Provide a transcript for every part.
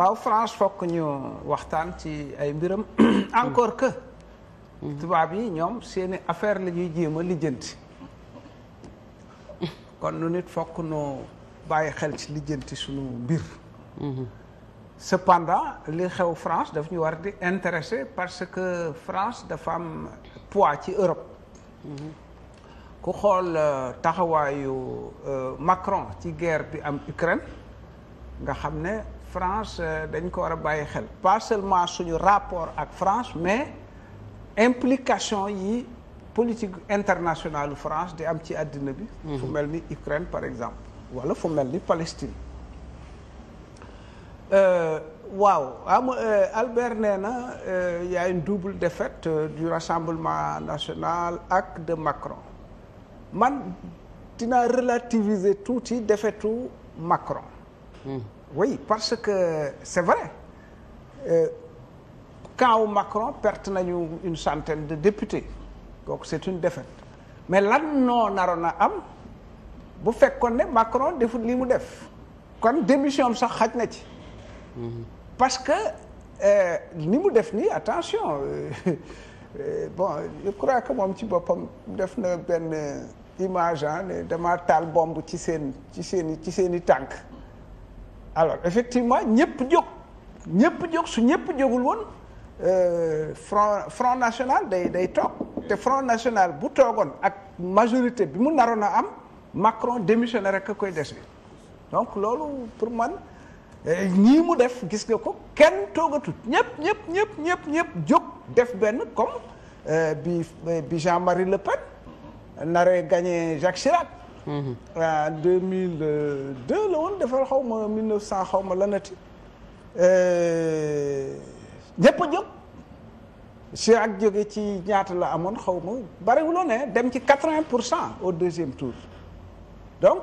waaw France fokk ñu waxtaan ci ay mbiram encore que tubaab yi ñoom seeni affaire lañuy ñuy jéem a lijjanti kon nu nit fokk nu bàyyi xel ci lijjanti suñu mbir mhm. cependant li xew France daf ñu war di intéressé parce que France dafa am poids ci Europe mhm. ku xool euh, taxawaayu euh, Macron ci guerre bi am Ukraine nga xam ne France euh, dañ ko war a bàyyi xel pas seulement suñu rapport ak France mais implication yi politique international France di am ci àddina bi mhm. fu mel ni Ukraine par exemple wala fu mel ni Palestine euh, waaw am euh, Albert nee na y a une double défaite du Rassemblement national ak de Macron man dinaa relativiser tuuti défaitu Macron mm. oui parce que c'est vrai euh, kaaw Macron perte nañu une centaine de députés donc c'est une défaite mais lan noo naroon a am bu fekkoon ne Macron defut li mu def kon démission sax xaj na ci parce que ni euh, mu def nii attention euh, euh, bon je crois que moom ci boppam def na benn image ne dama taal bombe ci seen ci seeni ci seen i tànk alors effectivement ñëpp jóg ñëpp jóg su ñëpp jógul woon euh, front front national day day toog te front national bu toogoon ak majorité bi mu naroon a am Macron démissionné rek a koy des bi donc loolu pour man ñii euh, mu def gis nga ko kenn toogatut ñëpp ñëpp ñëpp ñëpp ñëpp jóg def benn comme euh, bi bi Jean-Marie Le Pen naree gagné Jacques Chirac waaw mm-hmm. deux mille deux la woon defal xaw ma mille cent xaw ma lanati eh, ñëpp a jóg Cheikh ak jóge ci ñaata la amoon xaw ma bariwuloon ne dem ci quatre-vingt pour cent au deuxième tour donc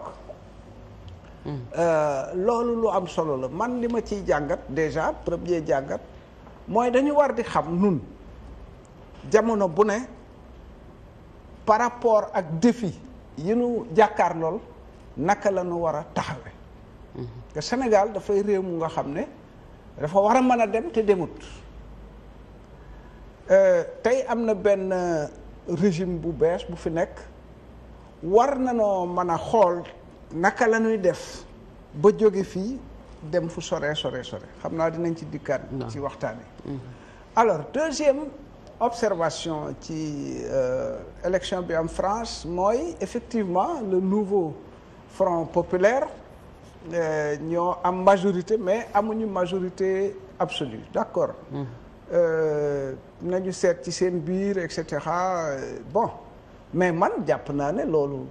mm-hmm. euh, loolu lu am solo la man li ma ciy jàngat déjà premier jàngat mooy dañu war di xam nun jamono bu ne par rapport ak défi yi nu jàkkaar lool naka la nu war a taxawe te Sénégal dafay réew mu nga xam ne dafa war a mën a dem te demut euh, tey am na benn régime bu bees bu fi nekk war na noo mën a xool naka la ñuy def ba jóge fii dem fu sore sore sore xam naa dinañ ci dikkaat ci waxtaan yi mm-hmm. deuxième observation ci euh, élection bi am France mooy effectivement le nouveau front populaire euh, ñoo am majorité mais amuñu majorité absolue d'accord euh, nañu seet ci seen biir et cetera bon mais man jàpp naa ne loolu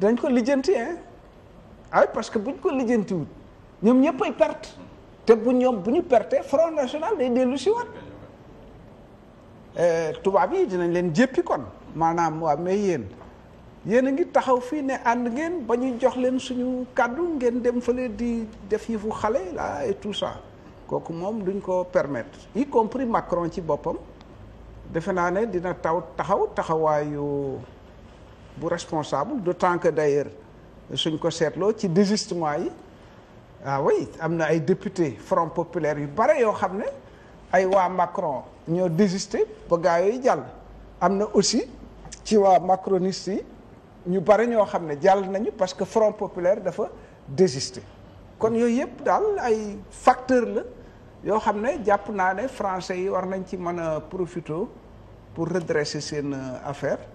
dañ ko lijjanti hein ay ah parce que buñ ko lijjantiwut ñoom ñëpp ay perte te bu ñoom bu ñu perte front national day dellu si waat Eh, tubaab yi dinañ leen jéppi kon maanaam waa mais yéen yéen a ngi taxaw fii ne ànd ngeen ba ñuy jox leen suñu kàddu ngeen dem fële di def yëfu xale la et tout ça kooku moom duñ ko permettre y compris Macron ci boppam defe naa ne dina taw taxaw taxawaayu bu responsable d'autant que d'ailleurs suñ ko seetloo ci désistement yi ah oui am na ay député Front populaire yu bare yoo xam ne ay waa Macron ñoo désisté ba gaa jàll am na aussi ci waa macroniste yi ñu bari ñoo xam ne jàll nañu parce que Front populaire dafa désisté kon yooyu yëpp daal ay facteur la yoo xam ne jàpp naa ne français yi war nañ ci mën a profito pour redresser seen euh, affaires